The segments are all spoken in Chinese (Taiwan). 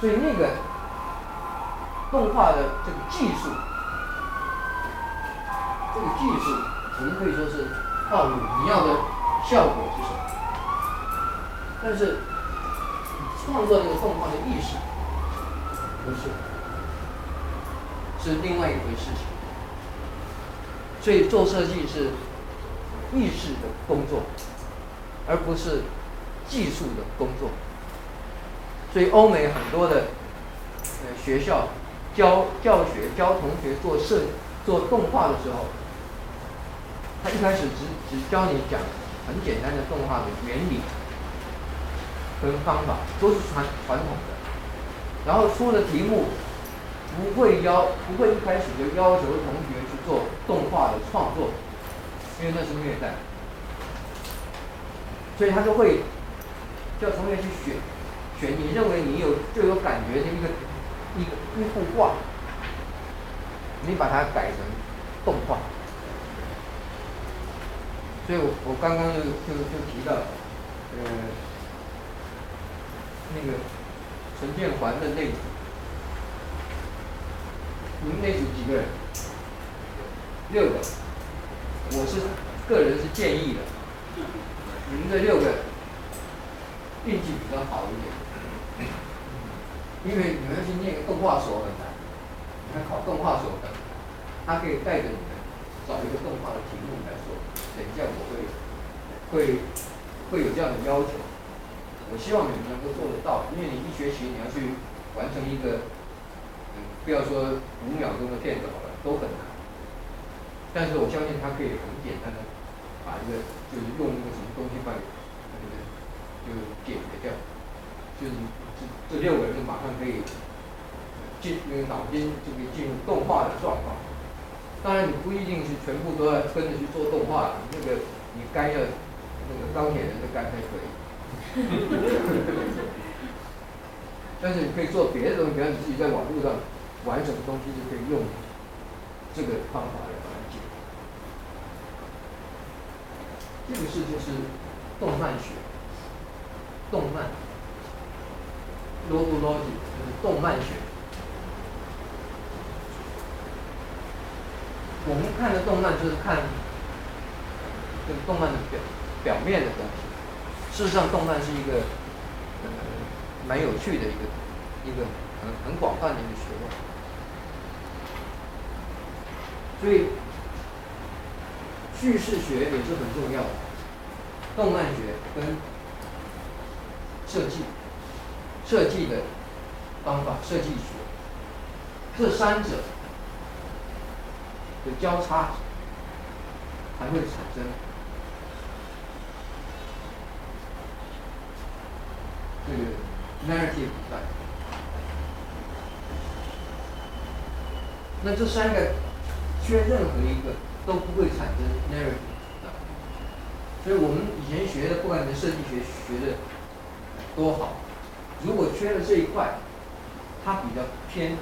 所以那個動畫的這個技術，這個技術只能可以說是套路，你要的效果，是什麼？但是創作這個動畫的意識不是，是另外一回事情。所以做設計是意識的工作，而不是技術的工作。所以，歐美很多的呃學校教教學、教同學做設做動畫的時候，他一開始只只教你講很簡單的動畫的原理跟方法，都是傳傳統的。然後出的題目不會要，不會一開始就要求同學去做動畫的創作，因為那是虐待。所以他就會叫同學去選。選你認為你有最有感覺的一個一個一幅畫，你把它改成動畫。所以我我剛剛就就就提到，呃，那個陳建環的那組，你們那組幾個人？六個，我是個人是建議的，你們這六個運氣比較好一點。因為你們要去念個動畫所很難，你看考動畫所很難，他可以帶着你們找一個動畫的題目來做。等一下我會會會有這樣的要求，我希望你們能夠做得到。因為你一學期你要去完成一個，嗯，不要說五秒鐘的片子好了都很難。但是我相信他可以很簡單的把一個就是用一個什麼東西把你，個就點的掉，就是。就是這六個人就馬上可以進，那個腦筋就可以進入動畫的狀況。當然，你不一定是全部都要跟着去做動畫，你那個，你肝要那個鋼鐵人的肝才可以。 但是你可以做別的東西，比方你自己在網絡上玩什麼東西就可以用這個方法來解決。這個事就是動漫學，動漫。邏輯邏輯，ic, 就是動漫學。我們看的動漫就是看，這個動漫的表表面的東西。事實上，動漫是一個、嗯、蠻有趣的一個一個，一個很很廣泛的一個學問。所以，敘事學也是很重要的。動漫學跟設計。設計的方法、設計學，這三者的交叉，才會產生這個 narrative。那這三個缺任何一個都不會產生 narrative。所以我們以前學的，不管你的設計學學的多好。如果缺了這一塊，它比較偏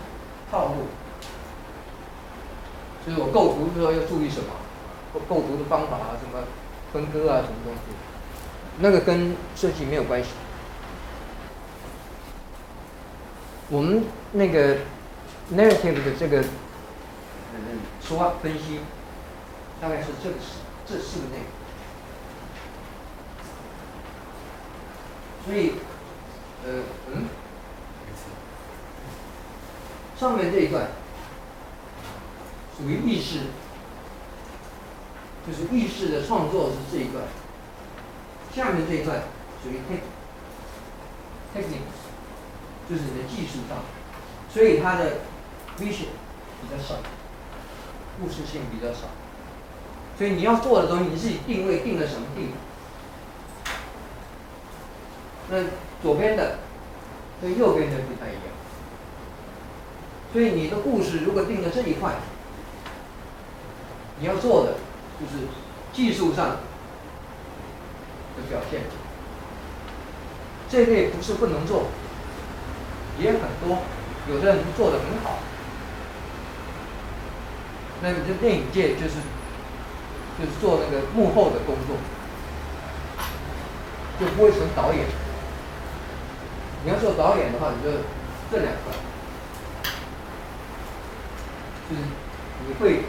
套路，所以我構圖的時候要注意什麼？構圖的方法啊，什麼分割啊，什麼東西，那個跟設計沒有關係。我們那個 narrative 的這個嗯說話分析，大概是這個是這四個內容，所以。嗯，上面這一段屬於意識，就是意識的創作是這一段；下面這一段屬於 te，teaching，就是你的技術上，所以它的危險比較少，故事性比較少，所以你要做的東西，你自己定位定的什麼地，那。左邊的，跟右邊的不太一樣，所以你的故事如果定在這一塊，你要做的就是技術上的表現。這類不是不能做，也很多，有的人做的很好。那你的電影界就是，就是做那個幕後的工作，就不會成導演。你要做導演的話，你就這兩塊，就是你會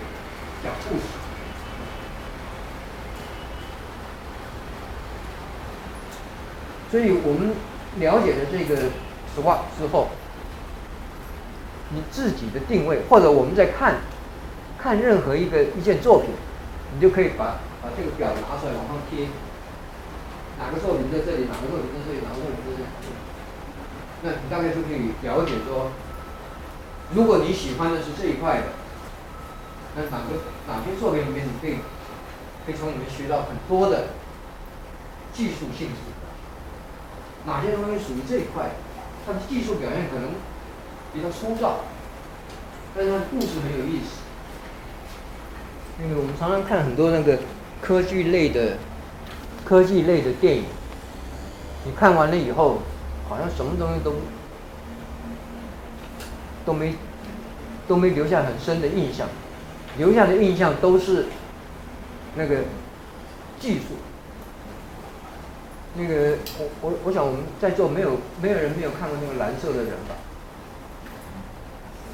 講故事。所以我們了解了這個實話之後，你自己的定位，或者我們在看，看任何一個一件作品，你就可以把把這個表拿出來往上貼。哪個作品在這裡？哪個作品在這裡？哪個作品在這裡？那你大概就可以了解說，如果你喜歡的是這一塊的，那哪個哪些作品裡面你可以可以從裡面學到很多的技術性質？哪些東西屬於這一塊？它的技術表現可能比較粗糙，但是它的故事很有意思。那個、嗯、我們常常看很多那個科技類的科技類的電影，你看完了以後。好像什麼東西都都沒都沒留下很深的印象，留下的印象都是那個技術。那個我我我想我們在座沒有沒有人沒有看過那個藍色的人吧？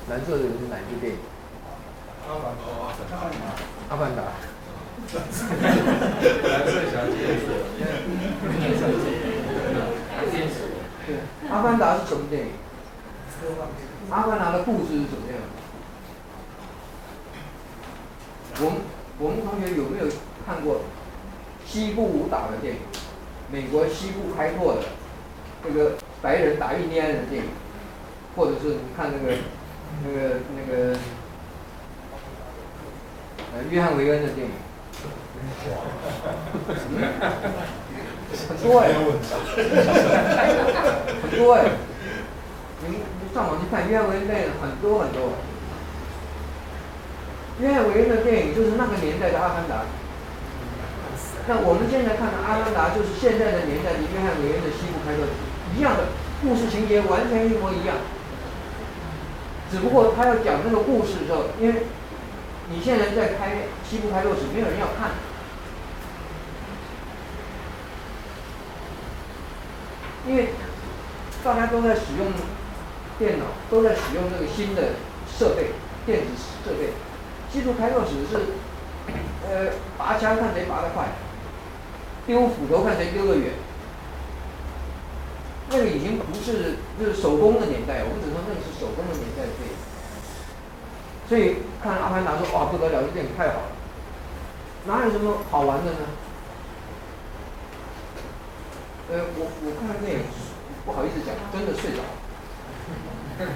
藍色的人是哪一部電影？阿凡達。阿凡達。啊啊、 藍色小姐。 對，《阿凡達》是什麼電影？《阿凡達》的故事是怎麼樣？我們我們同學有沒有看過西部武打的電影？美國西部開拓的那、這個白人打印第安人的電影，或者是你看那個那個那個、呃、約翰·韋恩的電影？ 很多哎、欸， 很多哎、欸，你們上網去看約翰·韋恩電影很多很多。約翰·韋恩的電影就是那個年代的《阿凡達》，那我們現在看的《阿凡達》就是現在的年代的約翰·韋恩的西部開拓史，一樣的，故事情節完全一模一樣。只不過他要講這個故事的時候，因為你現在在拍西部開拓史，沒有人要看。因為大家都在使用電腦，都在使用這個新的設備、電子設備，技術開拓只是呃拔槍看誰拔得快，丟斧頭看誰丟得遠，那個已經不是就是手工的年代，我們只能說那個是手工的年代的電影。所以看阿凡達說哇不得了，這電影太好了，哪有什麼好玩的呢？我我看那，不好意思講，真的睡着了。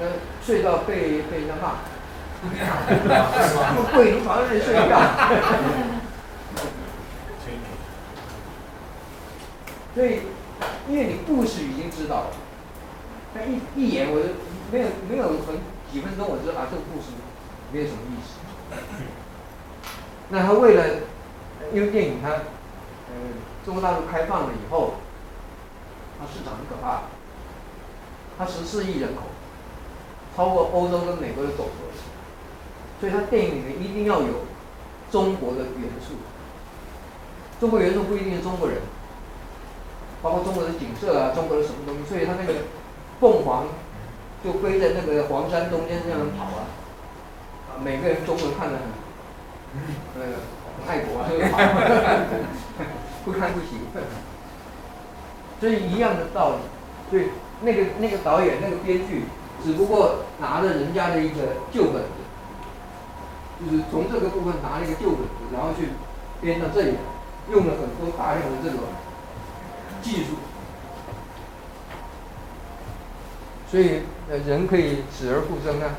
那睡到被被人家罵，桂林房子睡覺。所以，因為你故事已經知道了，但一一眼我就沒有沒有很幾分鐘，我就知道啊，這個故事沒有什麼意思。那他為了，因為電影他。嗯，中國大陸開放了以後，它市場很可怕，它十四億人口，超過歐洲跟美國的總和，所以它電影裡面一定要有中國的元素。中國元素不一定是中國人，包括中國的景色啊，中國的什麼東西，所以它那個鳳凰就飛在那個黃山中間那樣跑啊，啊，每個人中國人看得很，那、呃、個很愛國啊。 不堪不喜不憤，所以一樣的道理。所以那個那個導演那個編劇，只不過拿着人家的一個舊本子，就是從這個部分拿了一個舊本子，然後去編到這裡，用了很多大量的這個技術。所以呃，人可以死而復生啊，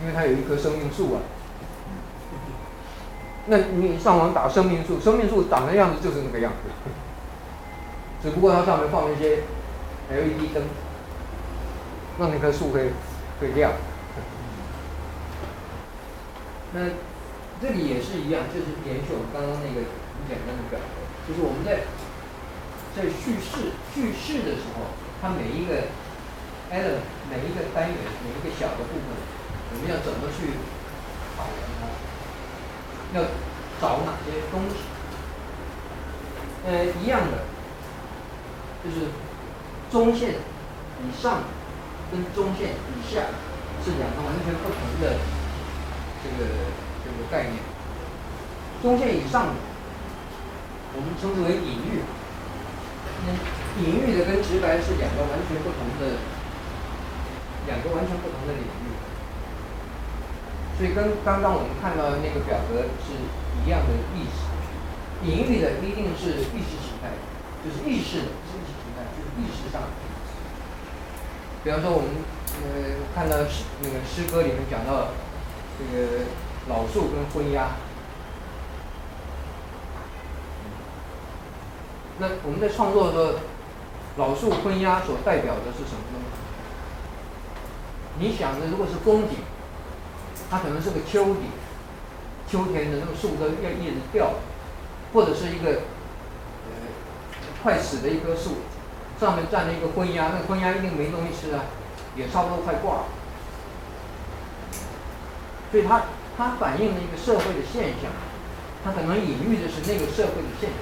因為他有一棵生命樹啊。那你上網打生命樹，生命樹長的樣子就是那個樣子，只不過它上面放了一些 LED 燈，讓那，那棵樹會會亮。嗯、那這裡也是一樣，就是延續我們剛剛那個很簡單的表格，就是我們在在敘事敘事的時候，它每一個 element、每一個單元、每一個小的部分，我們要怎麼去考量它？要找哪些東西？呃，一樣的，就是中線以上跟中線以下是兩個完全不同的這個這個概念。中線以上我們稱之為隱喻。隱喻的跟直白是兩個完全不同的，兩個完全不同的領域。所以跟剛剛我們看到的那個表格是一樣的意思，隱喻的一定是意識形態，就是意識的意識形態，就是意識上的意識。比方說我們呃看到詩那個詩歌裡面講到這個老樹跟昏鴉，那我們在創作的時候，老樹昏鴉所代表的是什麼呢？你想的如果是風景。它可能是個秋底，秋天的那個樹都要葉子掉，或者是一個，呃，快死的一棵樹，上面站着一個昏鴉，那個昏鴉一定沒東西吃啊，也差不多快掛了。所以它它反映了一個社會的現象，它可能隱喻的是那個社會的現象。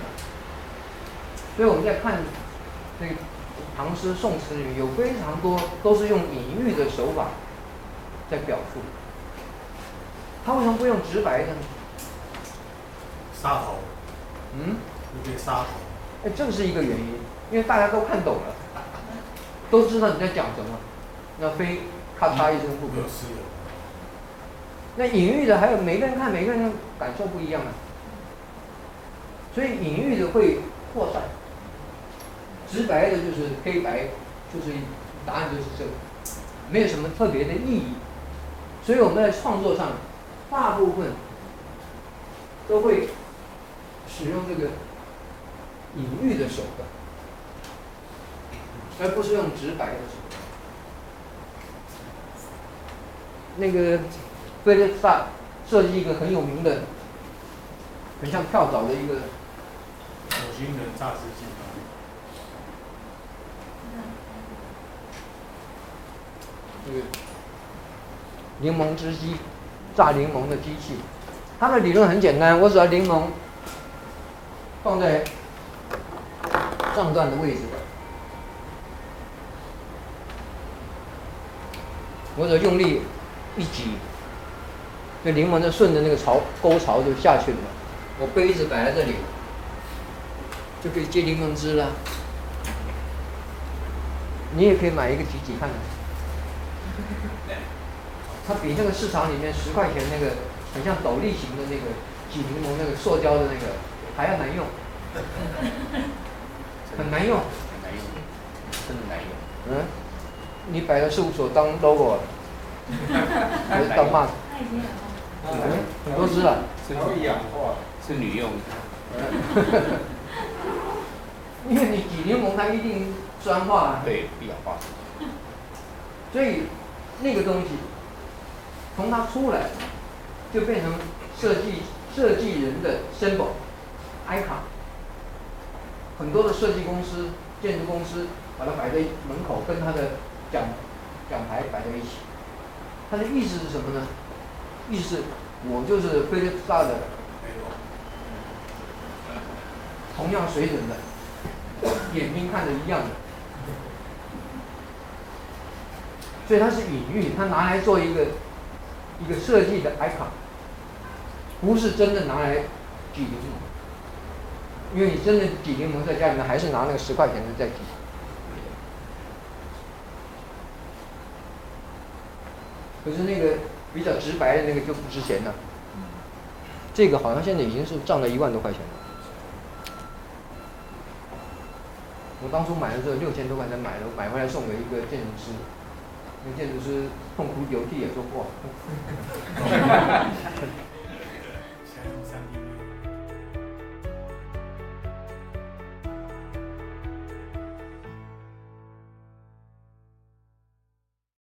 所以我們在看，這個唐詩宋詞裡面，有非常多都是用隱喻的手法，在表述。他為什麼不用直白的呢？撒謊手。嗯？你可以撒謊。哎，正是一個原因，因為大家都看懂了，都知道你在講什麼。那非咔嚓一聲不可。嗯。那隱喻的還有，每個人看每個人的感受不一樣啊。所以隱喻的會擴散，直白的就是黑白，就是答案就是這個，沒有什麼特別的意義。所以我們在創作上。大部分都會使用這個隱喻的手段，而不是用直白的手段。那個貝利薩設計一個很有名的，很像跳蚤的一個火星人榨汁機，那個檸檬汁機。榨檸檬的機器，它的理論很簡單，我只要檸檬放在上段的位置，我只要用力一擠，那檸檬就順着那個槽溝槽就下去了。我杯子擺在這裡，就可以接檸檬汁了。你也可以買一個擠擠看看。 它比那個市場裡面十塊錢那個很像斗笠型的那個擠檸檬那個塑膠的那個還要難用， 很難用，很難用，真的難用。嗯，你擺到事務所當 logo， 還是當 mark 他已經氧化了。嗯、很、啊、多次了，是女用的，是女用。 因為你擠檸檬它一定酸化、啊，對，必氧化。所以那個東西。從他出來，就變成設計設計人的 symbol、icon。很多的設計公司、建築公司把它擺在門口，跟他的獎獎牌擺在一起。他的意思是什麼呢？意思是我就是非常大的，同樣水準的，眼睛看着一樣的。所以它是隱喻，他拿來做一個。一個設計的 icon，不是真的拿來抵金，因為你真的抵金龍，在家裡面還是拿那個十塊錢的在抵。可是那個比較直白的那個就不值錢了，啊。嗯，這個好像現在已經是漲了一萬多塊錢了。我當初買的時候六千多塊錢買的，我買回來送給一個建築師。那建築師痛哭流涕也做過。